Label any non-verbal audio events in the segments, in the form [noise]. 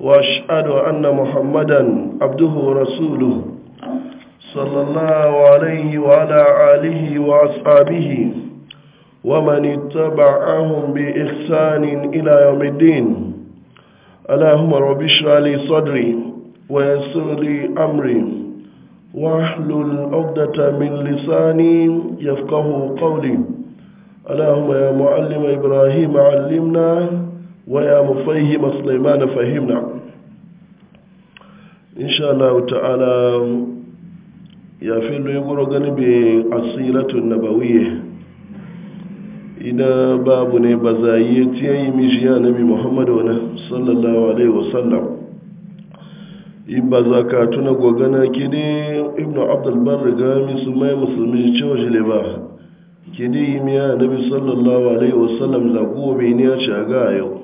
واشهد ان محمدا عبده ورسوله صلى الله عليه وعلى اله واصحابه ومن اتبعهم باحسان الى يوم الدين اللهم رب اشرح لي صدري ويسر لي امري واحلل عقدة من لساني يفقه قولي اللهم يا معلم ابراهيم علمنا ويا مفهم سليمان فهمنا إن شاء الله تعالى يا فيلو يقول غنبي أصيلة النبوية إذا بابنا بزايتي أي مجيا نبي محمد صلى الله عليه وسلم إبا زكاتنا غوغانا كده ابن عبد البر غامي سمي مسلمي تشوجي لباه kidi miya nabi sallallahu alaihi wasallam zago biniya shaga yau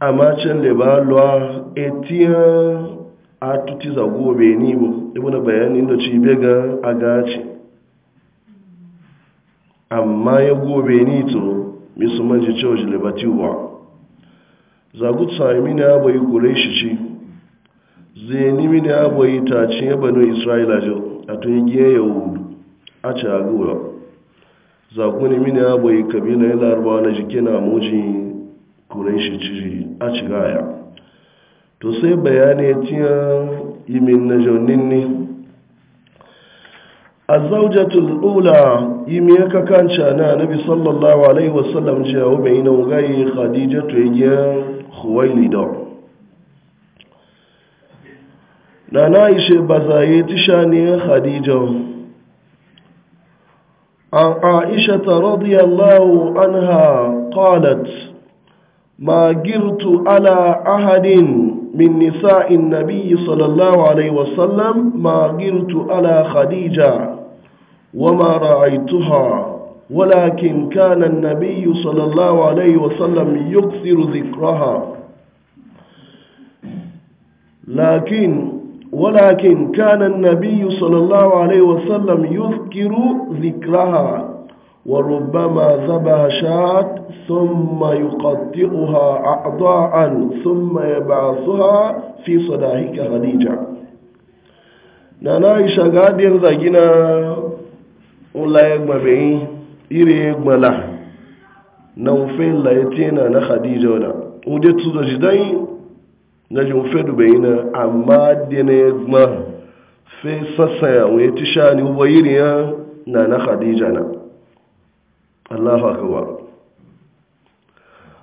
amma can da ba luwa etiyan a tuti zago bai ni bu ibu na bayanin da ci bega a gaci amma ya gobe ni to misu manji cewa shi libati ba zagut sami ne abu yi kure shi ci zeni mini abu yi ya banu isra'ila jau a tun giye yahudu a ci a gura zagu mini abu yi kabila ya larabawa na jike na mojin kureshi ciri a cigaya to sai bayani ya ciya imin na jaunin ne a zaujatul ula imi ya kakanca na nabi sallallahu alaihi wasallam ce wa wabe ina wugayi khadijatu yi giya lido na na ishe ba zaye tisha ne khadijatu عن عائشة رضي الله عنها قالت ما جرت على أحد من نساء النبي صلى الله عليه وسلم ما جرت على خديجة وما رأيتها ولكن كان النبي صلى الله عليه وسلم يكثر ذكرها لكن ولكن كان النبي صلى الله عليه وسلم يذكر ذكرها وربما ذبح شاة ثم يقطعها أعضاء ثم يبعثها في صداهك خديجة نانا إشاقا قادين زاجنا ولا يقم بي إيري يقم لا نوفين لا يتينا نخديجة خديجة وديت وجدت زاجدين نجم فد بينا أما دين يقم في سسا ويتشاني ويريا نانا خديجة allahu akbar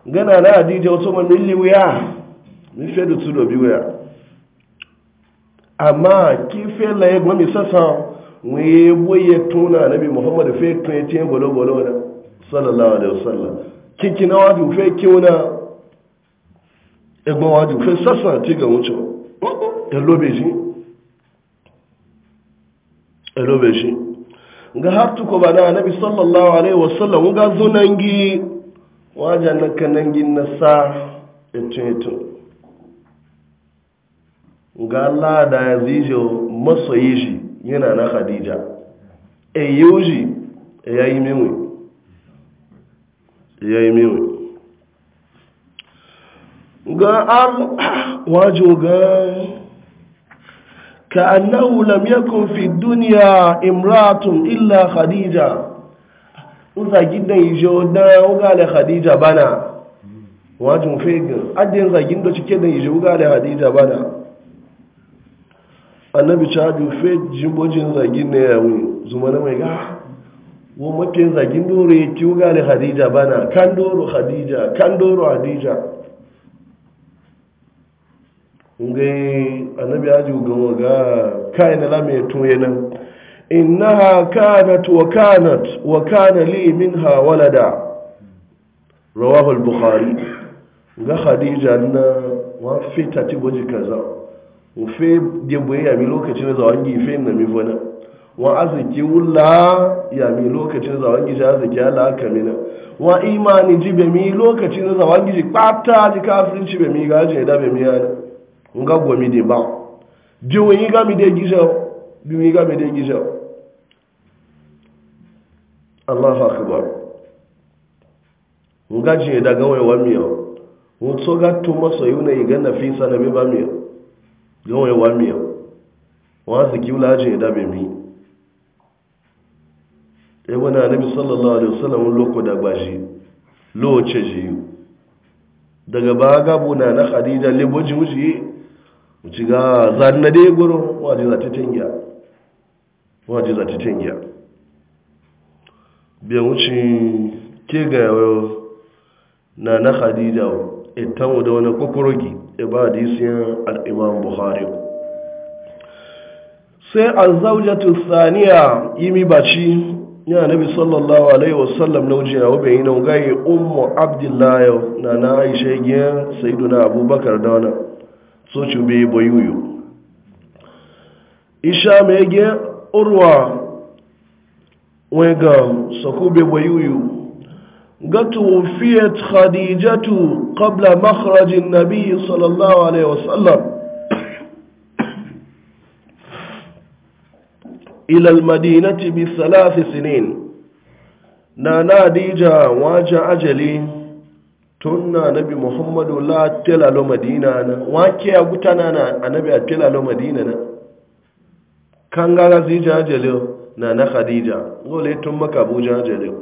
gana na adija wato ma milli wuya mi fe da tudo bi wuya amma ki fe la sassa gomi sasa boye tuna nabi muhammad fe tun ti en bolo bolo sallallahu alaihi wasallam kiki na waju fe kiuna egbon waju fe sasa ti ga wuce elobeji elobeji ga har ko ba na annabi sallallahu alaihi wasallam ga zo nangi wajen na kanangi na sa eto eto ga Allah da ya zijo masoyi shi yana na Khadija e yoji e yayi mewe e yayi mewe ga ar wajo ga كأنه لم يكن في الدنيا امرأة إلا خديجة uza gidan ijo na ugale khadija bana wajin fegin adin zagin da cike da ijo ugale bana annabi fe jimbojin zagin ne ya wi zuma na mai ga wo mafi zagin dore ki ugale khadija bana kan doro khadija kan doro khadija ngai annabi aji ga ga kai na lame to yana innaha kanat wa kanat wa kana li minha walada rawahu al-bukhari ga khadija na wa fita ti goji kaza wa fe de boye ya mi lokacin da wangi fe na mi fona wa aziki wulla ya mi lokacin da wangi ja aziki ala kamina wa imani jibe mi lokacin da wangi ji kwata ji kafirin be mi gaje da be mi yana nga gomi de ba jiwo yi gami de gizo biyu mi gami de gizo Allahu akbar nga je daga wai wa miyo wato ga to maso yuna yi ganna fi bi ba miyo ga waya wa miyo wa su kiwla je da be mi e wana nabi sallallahu alaihi wasallam loko da gbashi lo che ji daga ba ga buna na khadija bo ji mushi uci ga zan na dai goro waje za ta tingiya waje za ta tingiya biyan wuce ke ga yawo na na khadija itan e da wani kokorogi ibadisiyan e al-imam bukhari sai azzaujatu thaniya yimi baci ya nabi sallallahu alaihi wasallam na wuce yawo bayin na gaye ummu abdullahi na na aisha giyan sayyiduna abubakar da wannan so ci bi bo yuyu isha mege urwa wega sokube bo yuyu gatu fiat khadijatu qabla makhraj an-nabi sallallahu alayhi wasallam ila al-madinati bi thalath sinin na na nadija waja ajalin tunna nabi muhammadu la lo madina na wake ya gutana na annabi a lo madina na kan gara zija jalil na na khadija gole tun maka abuja jalil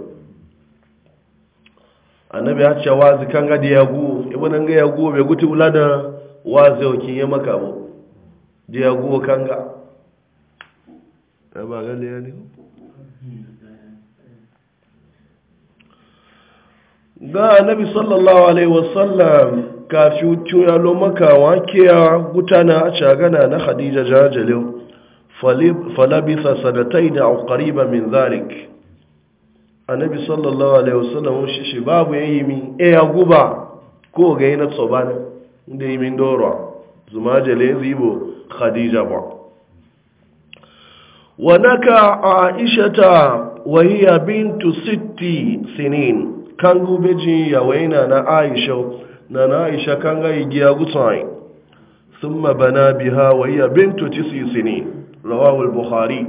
A ya ce wazi kan ga da yago ibn ga yago bai guti ulada wazi okin ya maka bu da yago kan ga ba ga ne ga nabi sallallahu alaihi wasallam kafi tuya lo maka wake ya gutana a cagana na khadija jajalin falabisa sanatai da ƙariba min A annabi sallallahu alaihi wasallam shi shi babu ya yi min e ya guba ko ga yi na ne inda yi min doro zuma jale zibo khadija ba wa naka aisha ta wahiya bintu sitti sinin kangu beji ya waina na aisha na na aisha kanga ga igiya gutsai bana biha wa hiya bintu tisi rawahu al-bukhari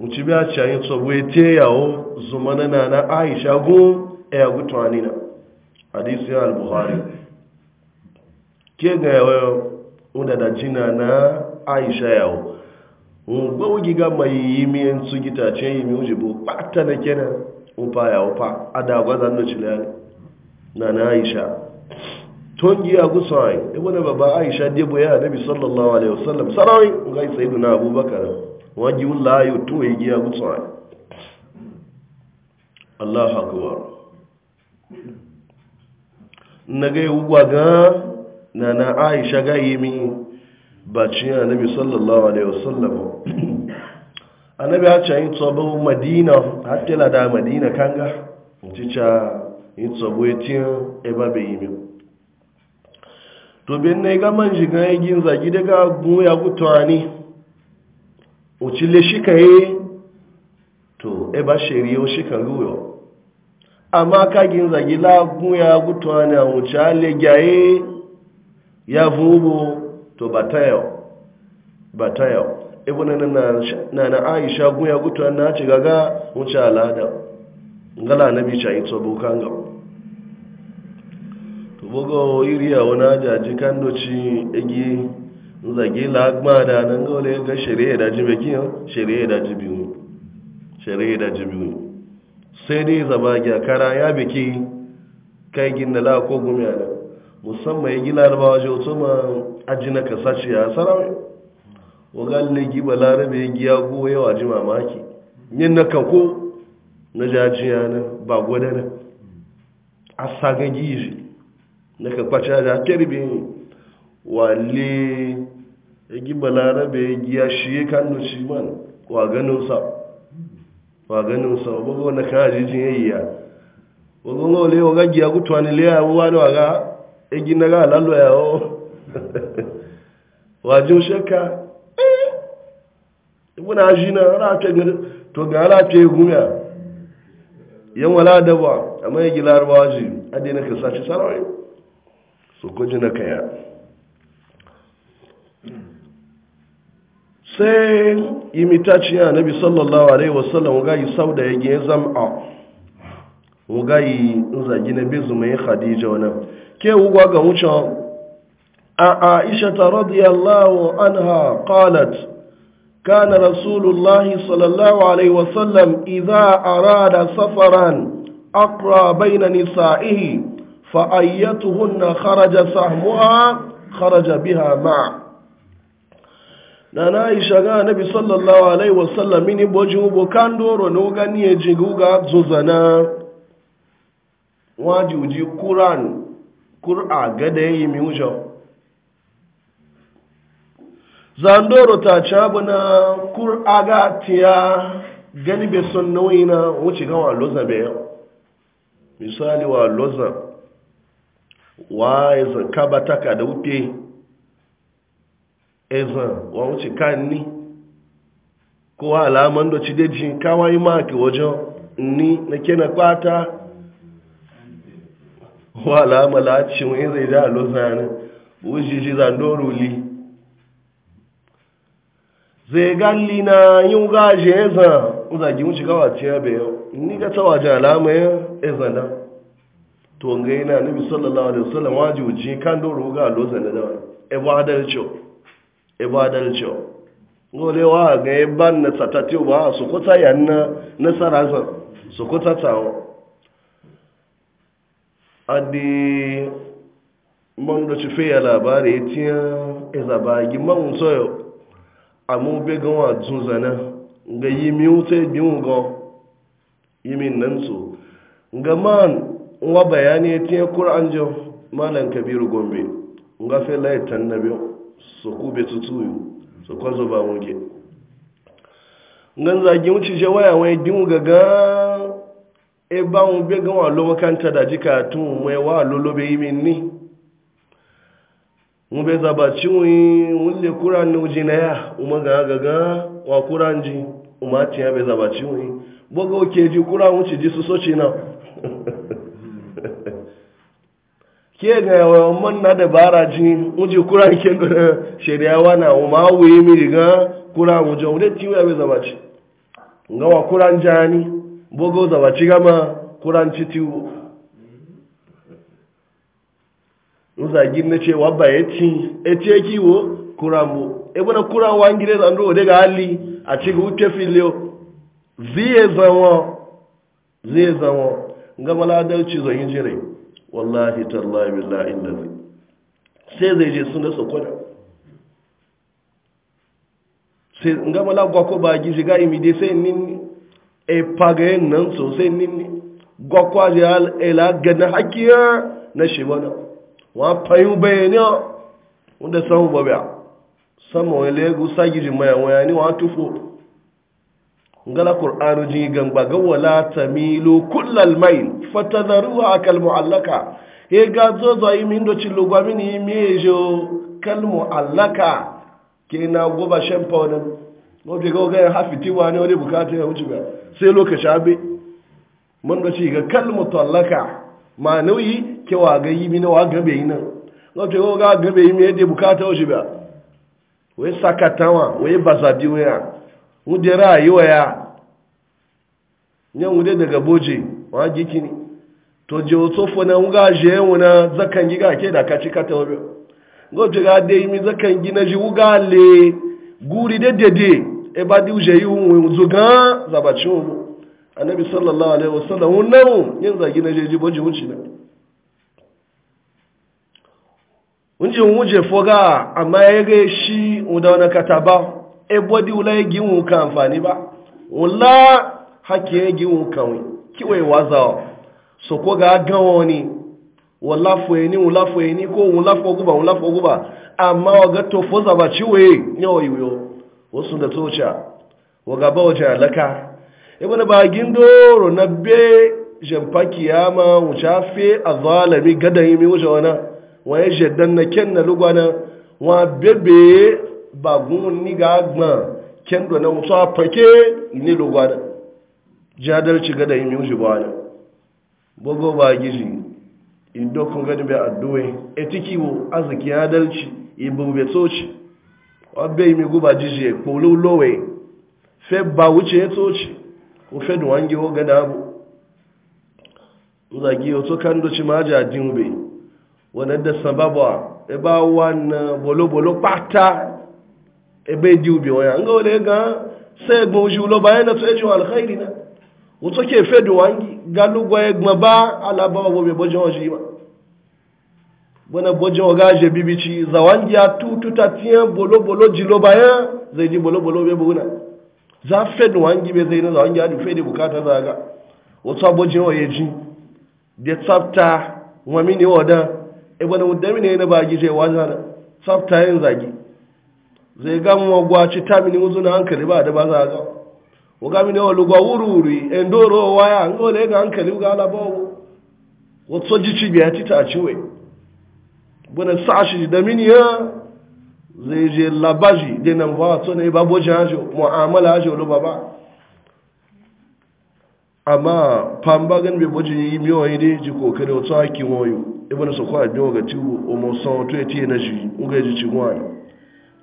mutu biya chayin so wete yawo zumana na na aisha go e gutwani na hadisi al-bukhari ke ga yawo unda da jina na aisha yawo ngbo giga mai yimi en su gita ce yimi ujibu patta na kenan wufa ya wufa adagwa zan da cilani na na aisha ton giya gusawai ibu e na babba aisha debo ya nabi sallallahu alaihi wasallam sarawai e ga yi abubakar wani yiwu layo to ya giya gusawai allah akuwar na ga na na aisha ga yi mi bacin ya sallallahu alaihi wasallam annabi ya ce yin tsobo madina hatta da madina kanga cica yin tsobo ya ci eba bai yi to bin ne ga man shiga ya gin zagi daga gun gutuwa ne ucile shi ka yi to eba shari'a shi ka ruyo amma ka gin zagi lagun ya gutuwa ne a wuce alegyaye ya vubo to batayo batayo ibn na na aisha guya gutu na ci gaga wuce alada ngala na cha ito bukan ga to bogo iriya wani jaji kan ci egi zage lagma da nan gole ga shari'a da jibe ki shari'a da jibiyu shari'a da jibiyu sai dai zaba kara ya biki kai da la ko gumiya musamman ya gila da bawa jotoma ajina kasace ya sarawai wagan na giba larabe ya giya ko yawa ji mamaki yin na kako na jajiya na ba gwada na a saga gizi na kakwace da kirbi wale ya giba larabe ya giya shi ya kanu shi man wa ganin sa wa ganin sa na wani kajijin ya yi ya wagan wale wagan giya gutuwa ne leya wani waga ya gina ga lalwa ya o [laughs] wajen shakka ibuna shi na rafe to ga rafe gumiya yan wala da ba a mai gila ruwa shi adina ka ci sarari su kuji na kaya sai imitaciya nabi sallallahu alaihi wasallam ga yi sau da ya gina zam'a ga yi zagi na bezu mai khadija wani ke wugwa ga wucin a aisha ta radiyallahu anha qalat كان رسول الله صلى الله عليه وسلم إذا أراد سفرا أقرى بين نسائه فأيتهن خرج سهمها خرج بها na nana aisha ga nabi sallallahu alaihi wasallam mini boji ubo kan doro no ga ni jigu ga zozana waji uji quran kur'a gada yi mi ujo zandoro ta cabu na kur'aga tiya gani bai son nauyi na wuce gan wa loza bai yau misali wa loza wa ezan kaba taka da wupe ezan wa wuce kan ni ko alaman da cidejin kawai maki wajen ni na kena kwata wa alama lacin wani zai da loza ne wujiji zandoro li zai galli na yin gaje ya zan zagi mun shiga wace ya bayan ni ga ta waje alama ya zana to ga yana nabi sallallahu alaihi wasallam waje uji kan doro ga lozan da dawa e ba adalci e ba adalci gole wa ga e ban na satati ba su kota yanna nasara zan su kota tawo adi man da ci fe ya labari tiya e zabagi man so amma bai a zuzana ga yi miwuce biyun ga yi min nan su ga man wa bayani ya tiye kur'an jau malam kabiru gombe nga ya lai tan na biyu su kube tutuyu su kwazo ba wuge ngan zagi wuce je waya wani dimu ga ga e ba mu be lo makanta da jika tun mai wa lolobe yi min ni mu bai zaba ciwoyi wule kuran na uji na ya umar ga gaga wa kuran ji umar ci ya bai zaba ciwoyi boga oke ji kura wuce ji su soci na [laughs] ke ga yawon man na dabara ji uji kuran ke shari'a wana umar wuyi mi riga kura wujen wule ti ya bai zaba ci ga wa kuran jani boga zaba ci gama kuran ci tiwo gini na ce wabba ya ci e ce kiwo kuramu e bana wa ngire da ndo daga hali a cikin wuce filiyo ziye zama ziye zanwa ga maladauci zan yi jire wallahi tallahi billahi illazi sai zai je suna sokoda sai nga mala gwa ko ba gizi ga imi de sai nin e pagayen nan so sai nin gwa kwa je al ela gana hakiya na shi wa fayu bayani wanda sahu ba biya sama wani lagos sagiri mai ni wa tufo ngala qur'anu ji gamba ga wala tamilu kullal mail fatadharuha akal muallaka e ga zo zo yi min do ci lugwa yi mejo kalmu muallaka ke na goba shan powder no be ga ga hafi ti wani wani bukata ya wuce ba sai lokaci abi mun do ci ga kal mutallaka ma nauyi ke wa ga yi mina wa gabe yi nan na to yau ga gabe yi mai da bukata waje ba wai sakatawa wai bazabi waya wude rayuwa ya nyan wude daga boje wa giki ne to je wato fona wuga je wuna zakan giga ke da kaci kata wabe gobe ga dai mi zakan gina ji wuga le guri de de de e ba di uje yi wun zuga zabacin annabi sallallahu alaihi wasallam wannan yin zagi na je ji boje wuci na unji muje foga amma ya ga shi da wani kata ba e bodi ula ya gi mun ka amfani ba wula hake ya gi mun ka wi kiwai waza so ko ga gawo wani wula fo ni wula fo ni ko wula fo guba wula fo guba amma waga to foza ba ciwe yo yo wasu da tocha waga ba wajen alaka. laka ibn bagin doro na be jamfa kiyama wuce fe a zalami gadayi mi wuce wani. wọ́n ṣe dandan kẹ́nà ló gbọ́nà wọ́n bẹ̀bẹ̀ ba nígbà gbọ́n kẹ́ndọ̀ náà sọ pẹ̀kẹ́ ní ló gbọ́nà jádar ci gada yin yuji ba ne gbogbo ba gizi idokun gani bai adduwe etiki wo arziki adalci ibubbe tsoci ọbẹ̀ imi guba jiji ekpolu lowe fẹ́ ba wuce ya tsoci ko fẹ́ wo gada abu zagi ma ji adin bai wane da sababa ebe wannan bolobolo pata e ebe di ubi wani an ga wale ga sai egbon oji ulo bayan e na tsaye jiwa alkhairi na wato ke fedu wangi galugwa egbon ba alabawa bobe bojin oji ma bana bojin oga je bibici za wangi ya tututa tiyan bolobolo jilo bayan zai ji bolobolo be buna za fedu wangi be zai na za wangi ya di fedu bukata za ga wato bojin oyeji da tsafta wa mini wadan ibn e, mudami ne na bagi je wajen da tsafta yin zagi zai gama mu ci ta mini na hankali ba da ba za ga wa ga lugwa wuri-wuri wururi endoro waya gole ga hankali ga ala bawo wato jici biya ci ta ciwe bana sa shi da mini ya zai je labaji da nan ba to ne babo jajo mu'amala jajo lo baba amma pambagan be boji yi oyi ne ji kokare wato hakin wayo ibn sokwa biyo ga ciwo o mo son to eti na shi uga ji ci gwa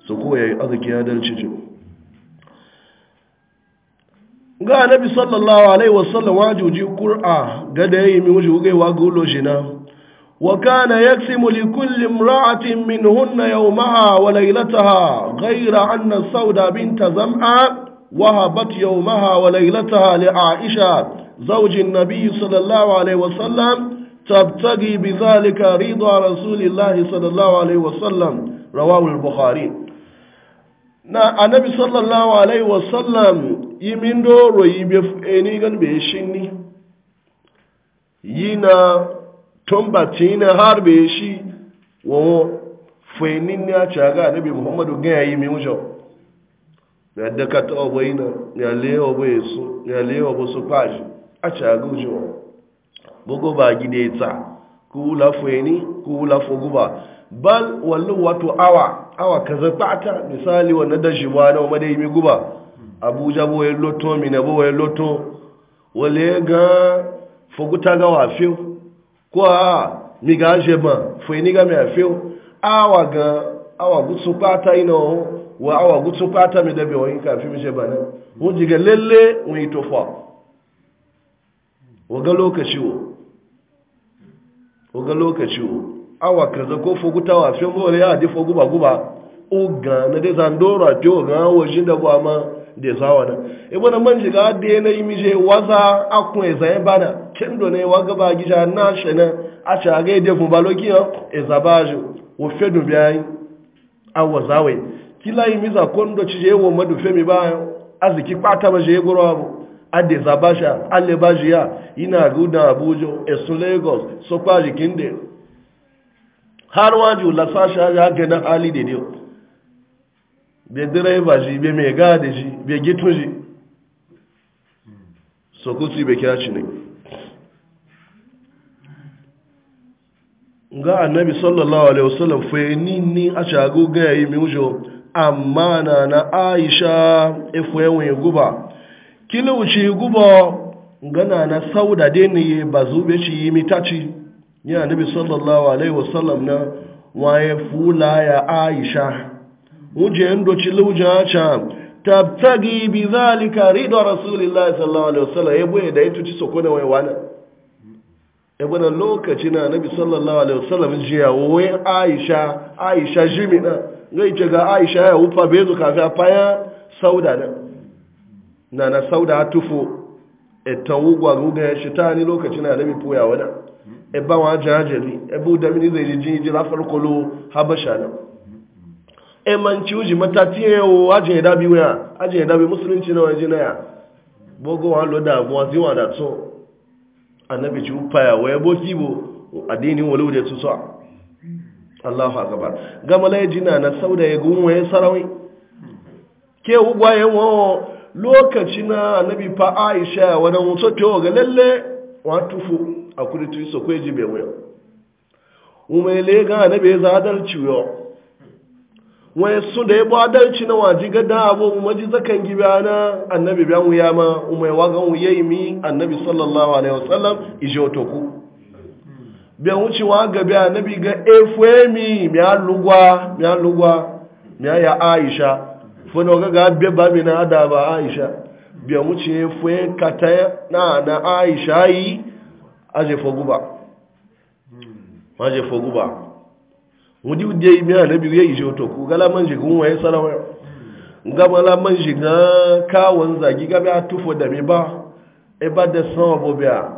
so ko yayi azaki ya ci ji ga annabi sallallahu alaihi wasallam wajuji qur'a ga da yayi mi wuji uga wa gulo shi na wa kana yaksimu li kulli imra'atin minhunna yawmaha wa laylataha ghayra anna sauda bint zam'a وهبت يومها وليلتها لعائشة زوج النبي صلى الله عليه وسلم تبتغي بذلك رضا رسول الله صلى الله عليه وسلم رواه البخاري na annabi sallallahu alaihi wasallam yi min doro yi be eni gan be shinni yi na tombati na har be shi wo feni ni a chaga annabi muhammadu gan yi min mujo na da ka to boyina ya le obo ya a chaga bogo ba gide ta ku lafo kula ku guba bal wallu watu awa awa kaza pata misali wannan da shi wani wa made mi guba abuja bo yin loto na bo yin loto wale ga foguta ga wa fi ko a mi ga je ma fo ni ga mi fi awa ga awa gutsu pata ino wa awa gutsu pata mi da bi wa yin fi mi je bana mun jiga lele mun yi tofa waga lokaci wo waga lokaci wo awa kaza ko foguta wa fi mole ya di fogu ba guba ga na de zandora ti o ga wo jinda bo ama de sawa na e bona man jiga de na imi je waza akun eza e bana kendo ne waga ba gija na shena a cha ga e de fun balogi o eza bajo wo fedu bi ayi awa zawe kila imi za kondo ci je wo madu femi ba aziki pata ba je goro abu ade zabasha ale na yana guda abuja esu lagos sokwa jikin da har waju lasasha ya gana ali da ne be direba ji be mai gada ji be gitun ji sokutu bai kira ci ne ga annabi sallallahu alaihi wasallam fa ni ni a shago ga yi mi wujo amma na na aisha efu enwe guba kila wuce gubo ngana na sauda deni ba zube shi yi mitaci ya nabi sallallahu alaihi wasallam na waye fula ya aisha wuje ndo ci luje acha tabtagi bi zalika ridwa rasulillahi sallallahu alaihi wasallam yebo da yito ci sokona waye wana yebo na lokaci na nabi sallallahu alaihi wasallam jiya waye aisha aisha jimina ngai ce ga aisha ya ufa bezu kafi a faya sauda na na na sauda tufo etan wugwa guga shi ta ni lokaci na da mi poya wada e ba wa jajeli e bu da mini zai ji ji la farko lo habasha na e man ci uji matati e o aje da bi wa aje da bi musulunci na waje na ya bogo wa lo da bo azi wa da to annabi ci upaya wa e bo kibo adini wolo da su so Allahu akbar gamala e jina na sauda ya e gunwaye sarawi ke ya e wo lokaci na annabi fa aisha wani mutu tewa ga lalle wa tufu a kuri tu so kweji bai wuya umele ga annabi ya zadarci yo wani su da ya badarci na waji ga da abu maji zakan gibiya na annabi biyan wuya ma umai wagan wuyayi mi annabi sallallahu alaihi wasallam ije otoku biyan wucewa ga biya annabi ga efemi miya lugwa miya lugwa miya ya aisha fana ga ga biya ba mina ba aisha biya wuce ce fuye kata na na aisha yi aje foguba aje foguba mudi ude yi ala bi yayi je to ku gala man je gun waye salawa ga mala man je ga kawon zagi ga a tufo da mi ba e ba da san obo biya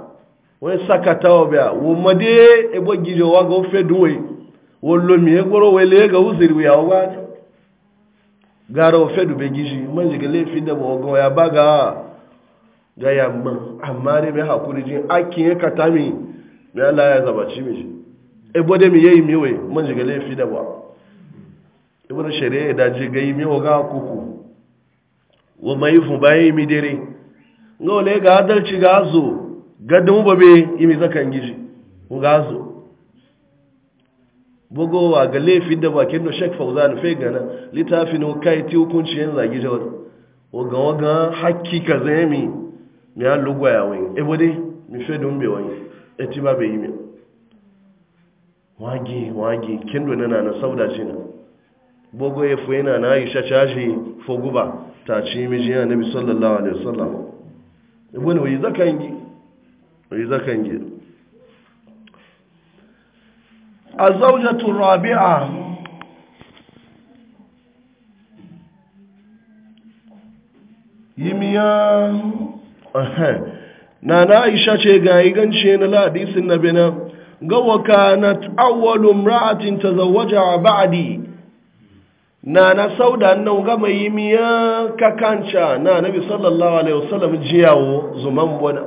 wani sakata wa biya wo made e bo gijo wa go feduwe wo lo mi e gboro wele ga uziri ya wa gara ofe dube gizi man shiga fi da ba ga ya baga ga ya yamma a mari mai hakuri jin akin ya kata mi mai Allah ya zabaci mi shi e bode mi yayi miwe man shiga laifin da ba ibn shari'a da ji ga yi miwa ga kuku wa mai fu bayi mi dere ngole ga adalci ga zo gadin babe imi gizi gishi ga zo bugowa ga laifin da bakin da shek fauzan fai gana littafin kai ti hukunci yin zagi da wata waga waga hakki ka zai mi mi an lugwa ya wani ebo dai mi fai don bai wani e eti ba bai yi mi wagi wagi kin na na na sauda shi na bog'o ya fi yana na aisha caji ba ta ci mi jiya nabi sallallahu alaihi wasallam ebo ne wai zakan gi wai zakan gi الزوجة الرابعة يميا نانا عائشة شيغاي غنشين لا ديس بنا قوة كانت أول امرأة تزوجها بعدي نانا سودا أنه غم يميا ككانشا نانا نبي صلى الله عليه وسلم جياو زمان بنا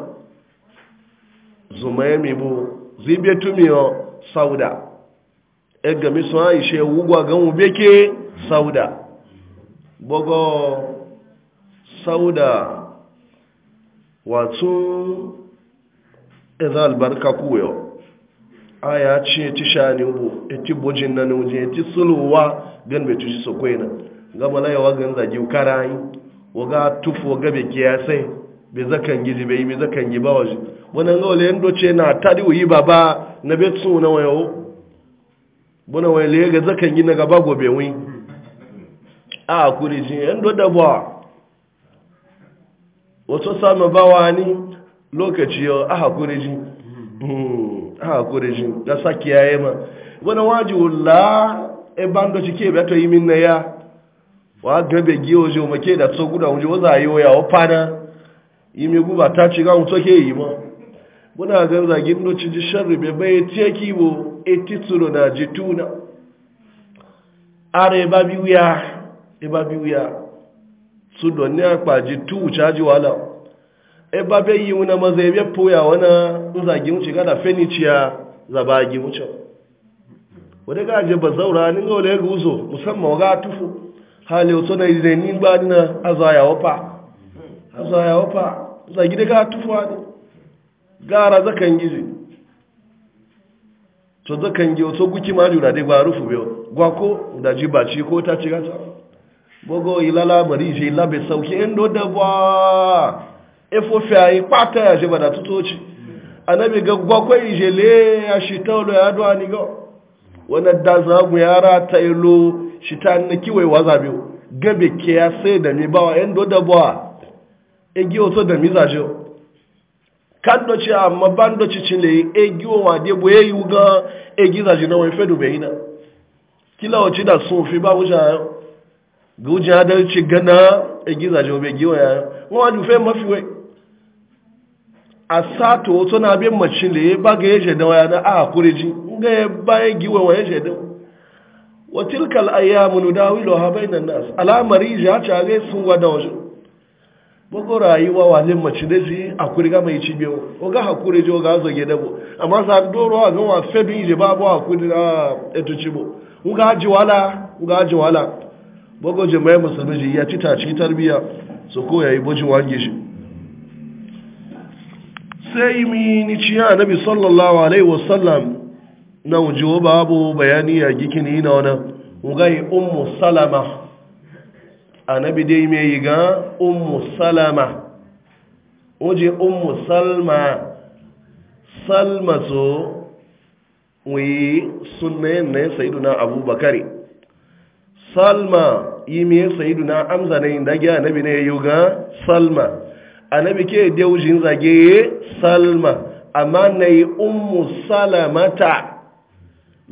زمان يميبو زيبيتو ميو سودا ga misu aishe wugwa gan ubeke sauda bogo sauda wato idan albarka kuyo aya ce ti shani bu eti bojin nan uje eti sulwa gan be tuji so kwena na malaya wa gan zagi o waga tufu waga be kiyasai be zakan gizi be yi be zakan giba waje wannan ga wale ndo ce na tadi uyi baba na be na wayo buna wani laye ga zakan yi na gaba gobe wi a kuri yan doda ba wasu samun bawa ni lokaci yau a hakuri ji hmm, a hakuri ji da saki yaye ma wani waji wula e bando cike beto yi min na ya wa gabe giyo je make da so guda wuje waza yi ya wa fana yi mi guba ta ci ga mu soke yi ma wani ga zagin ji sharri be bai tiye kibo etitsuro na jituna ara eba bi wuya eba bi sudo ni akpa jitu chaji wala eba be yi una maza ebe poya wana gi mu shiga da fenicia za mu cewa wode ga je ba zaura ni ga wale ga uzo musamman ga tufu hali wasu na ile ni ngba ni na azaya opa azaya wafa zagi da ga tufu ani gara zakan gizi to zakan gi oto guki ma jura dai ba rufu biyo gwa ko da ji ba ci ko ta ci gata bogo ilala mari je labe sauki endo da ba e fo fe ayi pata ya je bada tutoci anabi ga gwa ko je le ya shi tawlo ya do ani go wana da za mu ra ta ilo e shi ta ne kiwai waza biyo gabe ke ya sai da mi ba wa do da ba e gi oto da mi je kando a amma bando ci cile egi o wa de boye yu ga egi za jina wai fedu bai na kila o ci da sun fi ba wuja guja da ci gana egi za jo be giwa ya wa ju fe mafi wai asato to na be macile ba ga yeje da waya na a kureji ga ba egi wa wa yeje da wa tilkal ayyamu nudawiluha bainan nas alamari ja ta ga sun wada wajen bugu rayuwa walin mace da ji a kuriga mai ci biyu o ga hakuri ji o ga zoge dabo amma sa doro a ga wa febi je ba bo hakuri da eto cibo bo u ga ji wala u ga ji wala bugu je mai musulmi ji ya tita ci tarbiya so ko yayi boji wange shi sai mi ni ci ya nabi sallallahu alaihi wasallam na ujo babu bayani ya gikini na wannan u ga ummu salama annabi dai mai yi ga ummu salama oje ummu salma salma so wuyi sunayen na sayiduna abubakari salma yi mai na amza na yin dagi annabi ne yi ga salma annabi ke daujin zage salma amma na yi ummu salamata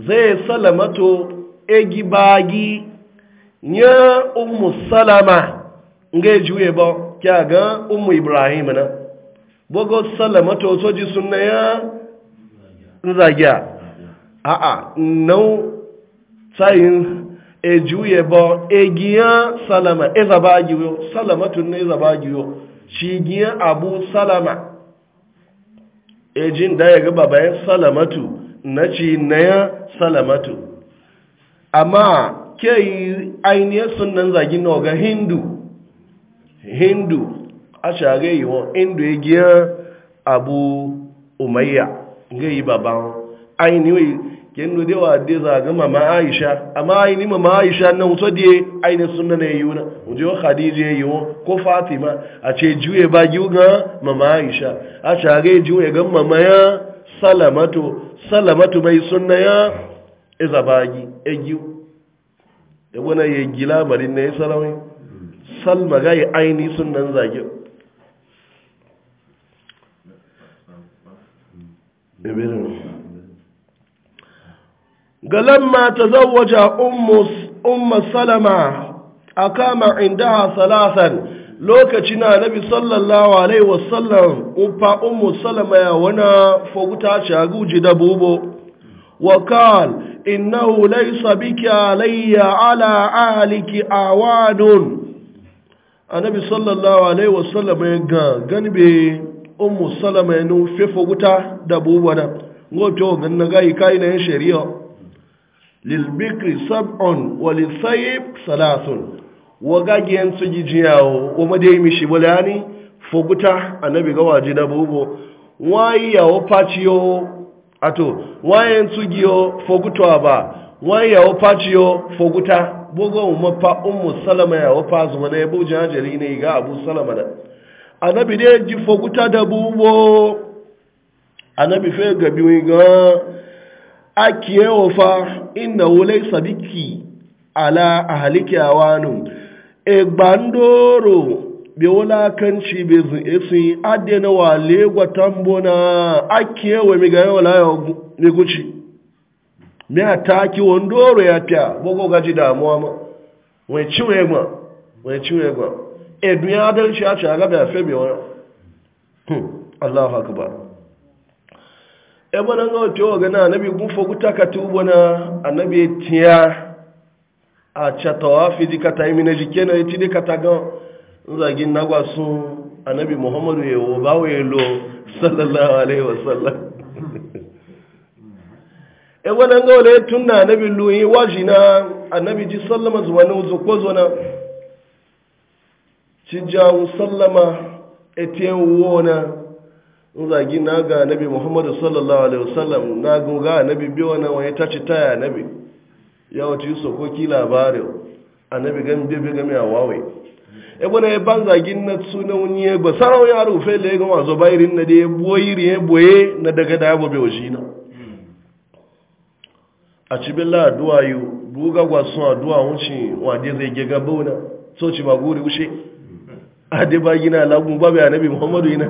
zai salamato egibagi ya umu salama nga juye bọ, kya ga umu ibrahim na bogo salama to so ji sunna ya nzagiya a a nau tsayin e juye ba e ya salama eza zaba giyo salama tun ne zaba giyo shi giya abu salama e jin da ya ga salama salamatu na ci na ya salamatu amma ke yi ainihin sunan zagin na ga hindu hindu a share yi wọn hindu ya giya abu umayya ga yi baban ainihin kenu da yawa da zaga mama aisha amma ainihin mama aisha na wuto da ainihin sunan ya yi wuna wuje wa khadija ya yi wa ko fatima a ce juye ba giyu ga mama aisha a share juye ga mama ya salamatu salamatu mai sunan ya izabagi egiyu ibuna ya yi gila na ya salawai salma ga yi aini sun nan zage galamma tazawwaja zawaja umar salama a akama indaha salasan lokaci na nabi sallallahu alaihi wasallam umar salama ya wana foguta shagu ji dabubo وقال إنه ليس بك علي على أهلك أعوان النبي صلى الله عليه وسلم يقول جنبي أم سلمة نوفف وتا دبوبنا ngoto ganna gai kai na shari'a lil bikri sab'un wa lil sayyib salasun wa gagiyan su jijiyawo wa madai mishi bulani foguta annabi gawaji da bubo wayi yawo paciyo ato yo tsugiyo fogutwa ba wayan yawo yo foguta bugo umafa umu salama yawo pazu mana yabo jajali ne ga abu salama da anabi dai ji foguta da bubo anabi fe gabi wi ga akiye ofa inna wulai sabiki ala ahliki awanu egbandoro be wulakanci be sun yi ade na wale gwatambo na ake yawa mi ga yawa layo mi guci mi a taki wandoro ya fiya bugu gaji damuwa ama wai ciwo ya gba wai ciwo ya gba e duniya adalci a ci a gaba ya fe mai wani hmm, allahu akbar e bana ga na yawa gana guta ka tubo na annabi tiya a catawa fi jikata yi mina jike na ya zagin nagwa sun annabi muhammadu ya wo ba wa lo sallallahu alaihi wasallam e wannan ga wala tun na annabi luyi wajina annabi ji sallama zuwa ne zuwa na ci jawo sallama etiyan wona na. na ga annabi muhammadu sallallahu alaihi wasallam na goga annabi biyo na wani ta ci taya annabi ya wace yi sokoki labarin annabi gami bebe gami a wawai ebe na ban zagin na suna wani ya ba sarau ya rufe da ya gama zo bayirin na da ya boyiri ya boye na daga da ya bobe wa na a cibin la'aduwa yi buga gwasun aduwa wuce wade zai gega bauna so ci ba gori wuce a dai ba gina lagun ba bai anabi muhammadu yana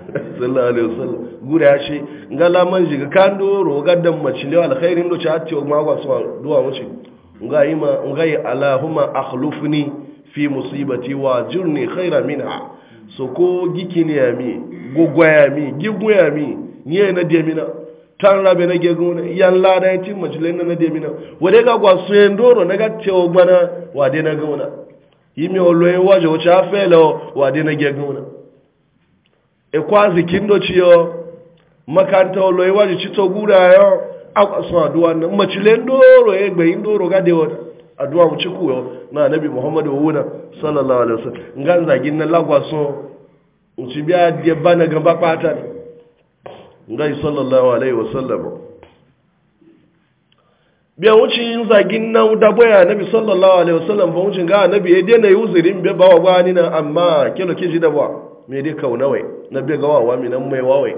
[laughs] sallallahu alaihi wasallam guri ya ce ga laman jiga kando rogar da mace lewa alkhairin do ci a ce ma gwasun aduwa wuce nga yi ma nga yi alahuma akhlufni fi musibati wa jirni khaira minha so ko gikini ya mi gugwa ya mi gigun ya mi niye na dia mina tan rabe na gegun na yan la da ti majlen na dia mina wode ga gwa su endoro na ga te ogbana wa de na gona yimi oloye wa jo cha felo wa de na gegun na e kwa zikindo chiyo makanta oloye wa ji to gura yo akwa so aduwa na majlen doro e gbe indoro ga de wona aduwa mu chiku yo na nabi muhammadu wuna sallallahu alaihi wasallam ngan zagin na lagwaso uci biya de bana gamba kwata ngai sallallahu alaihi wasallam biya wuci yin zagin na da boya nabi sallallahu alaihi wasallam ba wucin ga nabi ya eh, dena yuzirin be bawa ni na amma kilo kiji da ba me dai kauna wai na be ga wa minan mai wawai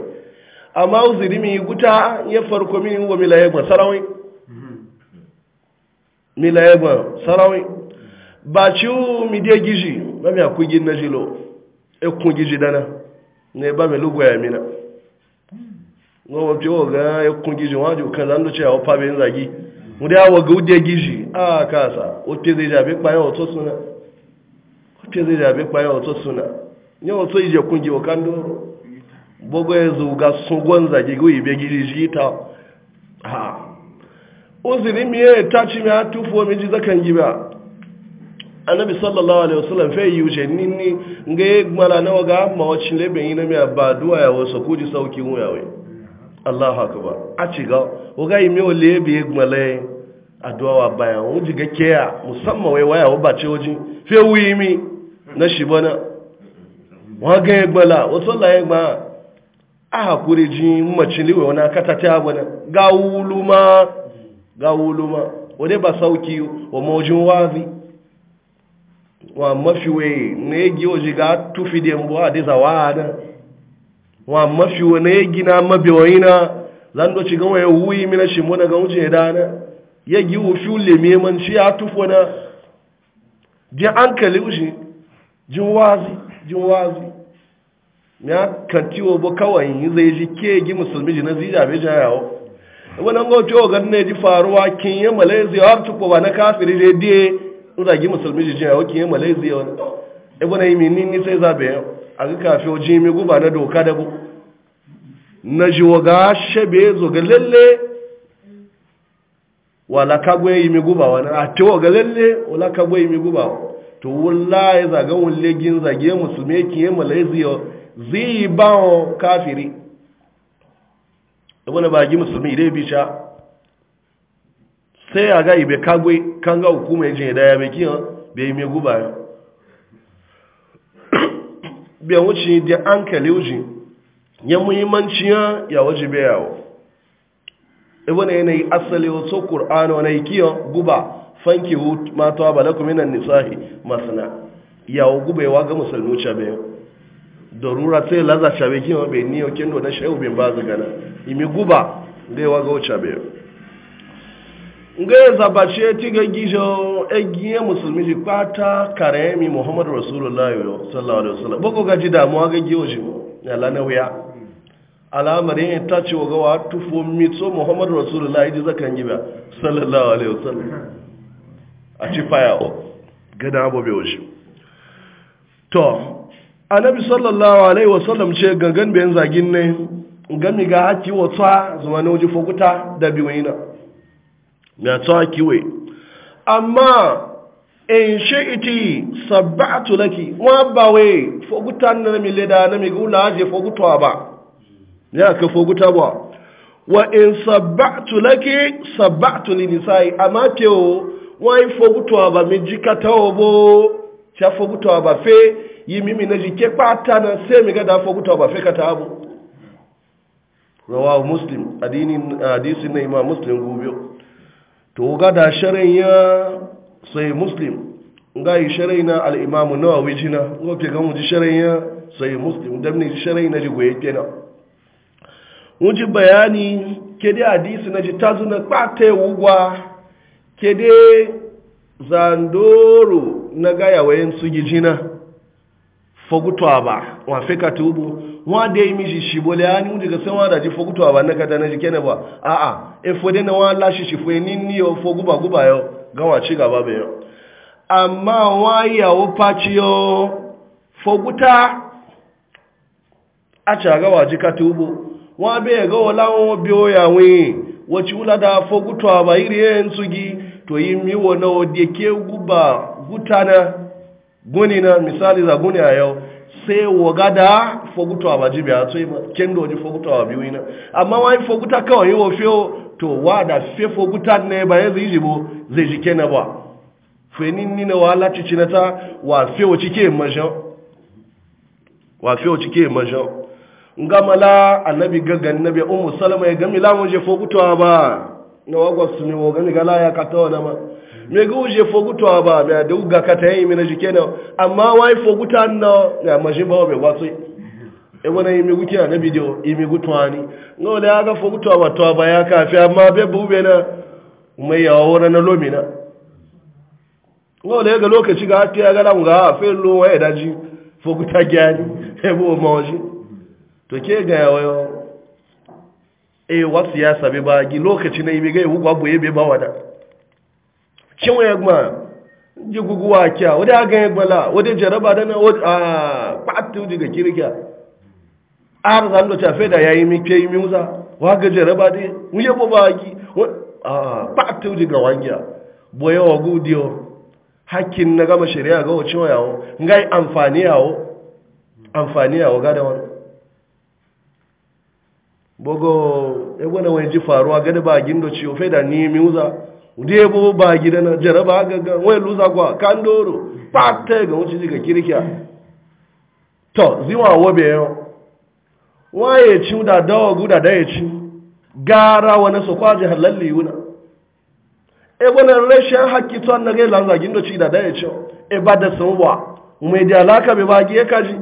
amma uziri mi guta ya farko min wa milaye gwa sarawai mhm. milaye gwa sarawai ba ciwo mi gizi ba mi akwai gin na jilo e kun gizi dana na mi ya na. ngo wa ciwo ga e kun gizi wa ju kan be nzagi mu dia wa ga udia gizi a kasa o te zai jabe pa yo suna o te zai jabe pa suna ije kun gi o kan do bogo e zu ga sun ibe gizi ta ha uzuri mi e tachi mi atufu mi ji annabi sallallahu alaihi wasallam fe yi wuce ninni nga ye gbala na waga ma wacin lebe yi na miya ba duwa ya wasu kuji sauki mu ya wai allah haka ba a ci ga waga yi miya lebe ya gbala a duwa wa baya wani ji ga keya musamman wai waya wa bace waje fe wuyi mi na shi bana waga ya gbala wasu allah ya gba a hakuri ji macin liwe wani kata ta bana ga wuluma ga wuluma wani ba sauki wa mawajin wazi wa mafiwe na yagi waje ga tufi da yambo a dai zawa na wa mafiwe na yagi na mabiyoyi na zan do ci gawa ya wuyi mina shi mu daga wuce da na yagi wu fi ule me man shi ya tufo na ji an kali ushi jin wazi jin wazi ya kanti wo bo kawai zai ji ke gi musulmi ji na zija be jayawo wannan gojo ga ne ji faruwa kin ya malaysia har tuko ba na kafiri je die zagi musulmi jijin a wakilin malaysia wani ebe na yi mini ni sai zaɓe yau a ga kafi wajen mai guba na doka da bu na ji ga shabe zo ga lalle wala kagwe yi mai guba wani a te waga lalle wala kagwe yi mai guba to wula ya zaga wule gin zage musulmi ki yi malaysia zai yi bawon kafiri ebe na gi musulmi dai sha. sai a ga ibe kagwe kan ga hukuma yajin ya daya beki yan bai mai guba ya [coughs] bai wuce da an kale wuce ya muhimmanci ya ya waje bai yawo ibi na yanayi asali wato ƙur'ani wani kiyan guba fanki mata ba lakum minan nisahi masana yawo guba yawa ga musulmi wuce bai darura sai laza shabe kiyan bai niyo kendo na shayu bin ba zagana imi guba ga yawa ga wuce bai ngai zabace ti ga gijo egiye musulmi ji kwata karemi muhammad rasulullahi sallallahu alaihi wasallam boko ga ji damuwa ga giyo ji ya lana wuya al'amarin ta ci wa gawa tufo mitso muhammad rasulullahi ji zakan gibe sallallahu alaihi wasallam a ci faya o gada abu bai wuce to annabi sallallahu alaihi wasallam ce gangan bayan zagin ne gami ga haki wata zuwa ne wuji fokuta da biwina ya ta kiwe amma in shi iti shi'iti sabba'atu laki wa bawe foguta na nami leda na mai gula je foguta ba ya ka foguta ba wa in sabba a tulaki sabba a li nisa'i amma ke o wa yi foguta ba mai jika ta obo ta foguta ba fe yi mimi na jike pata na se mai gada da ba fe ka ta abu rawa muslim adini hadisi na imam muslim gubiyo to ga da sharin ya sai muslim ga yi sharai na al'imamu nawa wijina ga fi gan wuji sharai ya sai muslim don ne sharai na jigo ya kenan wuji bayani ke dai hadisi na ji tazuna na kpata ya wugwa ke dai zandoro na gaya wayan su gijina fagutuwa ba wafi ka tubu wa da yi mishi shi bole ya ni daga san wa da ji fogutuwa ba na kada na jike ne ba a'a e fode na wa lashi shi fue ni ni yo fo guba guba yo ga wa ci gaba be yo amma wa ya wo pachi yo foguta a ci ga wa ji ka tubo wa be ga wala wo o ya wi wo ci wula da fogutuwa ba iri en sugi to yi mi na o ke guba gutana guni na misali za guni a yau sai da fogutawa ba jibi a tsoyi ba kendo waje fogutawa biyu ina amma wani foguta kawai yi wafiyo to wa da fe foguta ne ba ya zai jibo zai ji kena ba fenin ni na wala cici na ta wa fe wa cike majan wa fe wa cike majan nga mala annabi gaggan nabi umu salama ya gami lamun je fogutawa ba na wagwasu ne wa gani gala ya katawa na ma me ga uje foguta ba me da uga kata yi me na jike na amma wai foguta na ya mashi ba be wasu e wona yi me gukiya na bidiyo yi me gutwani ngo da aga foguta ba to ba ya kafi amma be bube na mai yawa wona na lomina ngo da ga lokaci ga hatta ya ga lan ga fe lo wai daji foguta gani [laughs] e o maji to ke ga yawa e wasu ya sabi ba gi lokaci na yi me ga yi hukwa boye be ba wada cin egma ji guguwa kya wadda aga gbala wadda jaraba da na a ah, kpatu daga kirkiya ar zan da tafe da ya yi ke yi musa waga jaraba dai mu ya bo baki a ah, kpatu daga wangiya boye wa gudiyo hakkin na gama shari'a ga wace yawo ngai amfani yawo amfani yawo ga da wani bogo wani ji faruwa gada ba gindo ciwo da ni ude bo ba gida na jaraba ga ga wai luza kwa kan doro pata ga wuce ga kirkiya to ziwa wobe yo waye ci da dawa guda da ya ci gara wani sokwa ji halalli yuna e wani rashin hakki to an ga lanza gindo ci da da ya ci ịba ba da sanwa mai da alaka bai bagi ya kaji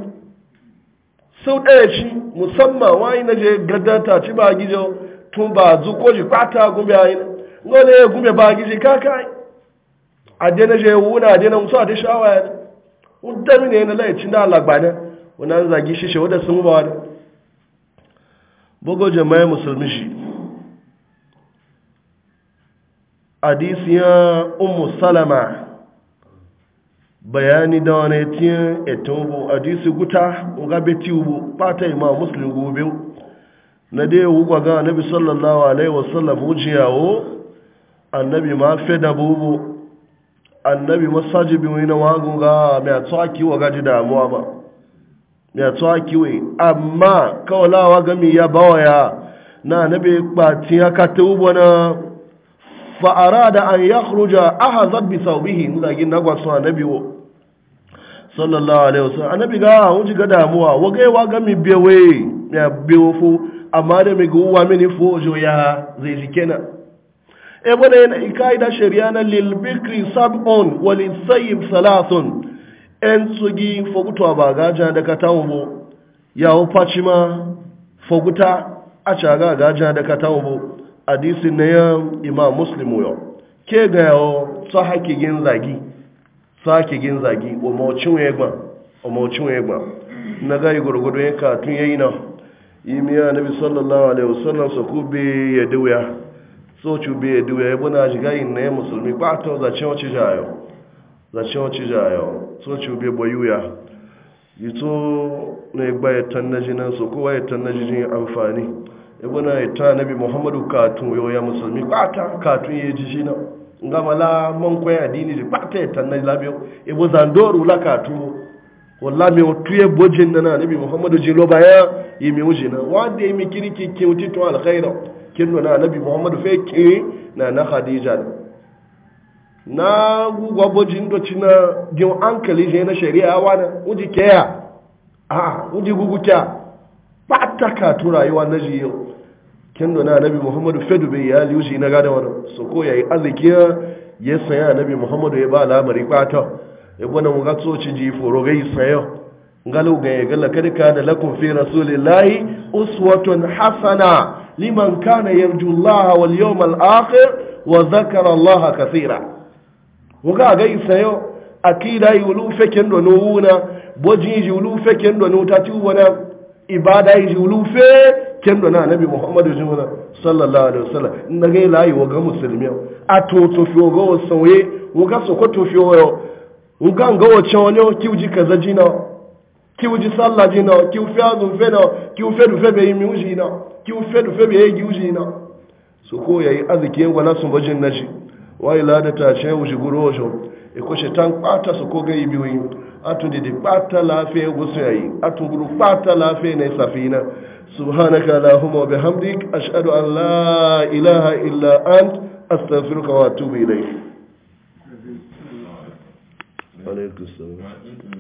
sau ɗaya ci musamman wani na je gadata ci gị gijo tun ba zuko ji kwata gumbi a yi na ngole ya gube ba gizi kakai ade na je wuna ade na mutu ade shawa ya ne wanda mine na lai cin da alagba ne wani an zagi shi shawada sun ba wani bugo jama'i musulmi shi hadisiyan ummu salama bayani da wani tiyan etonbo hadisi guta ngabe tiwo pata imam muslim gobe na dai wuga ga nabi sallallahu alaihi wasallam wujiyawo annabi ma fe da bubu annabi masaji bi wani wagon ga mai tsaki wa gaji damuwa ba mai tsaki wai amma kawalawa gami ya bawa ya na annabi kpatin ya kata ubo na fa'ara da an ya kuruja aha zabbi sau bihi nzagin na gwasu annabi wo sallallahu alaihi wasallam annabi ga wuji ga damuwa wagaiwa gami bewe ya bewo fu amma da mai guwa mini fo ya zai jikena ebona eh, yana ikaida shari'a na lilbikri sab'un walisayib salasun en tsugi foguta ba gaja da ka tawo yawo facima foguta a caga gaja da ka tawo hadisin na yan imam muslimu yau ke ga yawo sa hakigin zagi sa hakigin zagi wa mawacin egba wa mawacin egba na gari gurgudu ya katun yayi na yi miya nabi sallallahu alaihi wasallam sa kube ya duya so cube duwe ya buna shiga yin na ya musulmi kwato zace wace jayo zace wace jayo so cube boyuya yi to na ya gbaya tannaji nan so kowa ya tannaji jin amfani ya na ya ta nabi muhammadu katun yo ya musulmi ta katun ya ji shi na gama la man kwaya dini ji ta ya tannaji labiyo ya bu zandoru la katun wala mi o tuye bojin na bi muhammadu jin lo baya yi mi wujina wa mi kiri mi kirki to titon alkhairu kendo na nabi muhammadu ke na na khadija na gugwa bojin doci na jin ankali je na shari'a wani uji keya a uji gugu kya Ba ka tu rayuwa na ji yau kendo na nabi muhammadu fe bai ya liuji na gada wani su ko ya yi arzikiya ya saya nabi muhammadu ya ba lamari kwata ya gwana mu gatso ci ji foro gai sayo ngalo ga ya galla kada da lakum fi rasulillahi uswatun hasana liman kana yarju Allah wal yawmal akhir wa zakara Allah kathira waga ga isayo akida yulu feken do no wuna boji yulu feken do no tati wana ibada yulu fe ken do na nabi Muhammad jumana sallallahu alaihi wasallam nage layi wa ga musulmi a to to fi waga soye waga so ko to fi wayo waga ngawo chonyo kiuji kaza jina kiuji sallah jina kiufi azu fe na kiufi du fe be yimi ujina ki fedu fedu ya yi uji na su ko ya yi arziki yin gwana sun bajin na shi yi lada ta ce wuji guro wajo iko e shi tan kpata su ko gai biyu yi atu didi kpata lafiya wasu ya yi atu guru kpata lafiya na safina subhanaka allahumma wa bihamdik ashhadu an la ilaha illa ant astaghfiruka wa atubu ilayk alaikum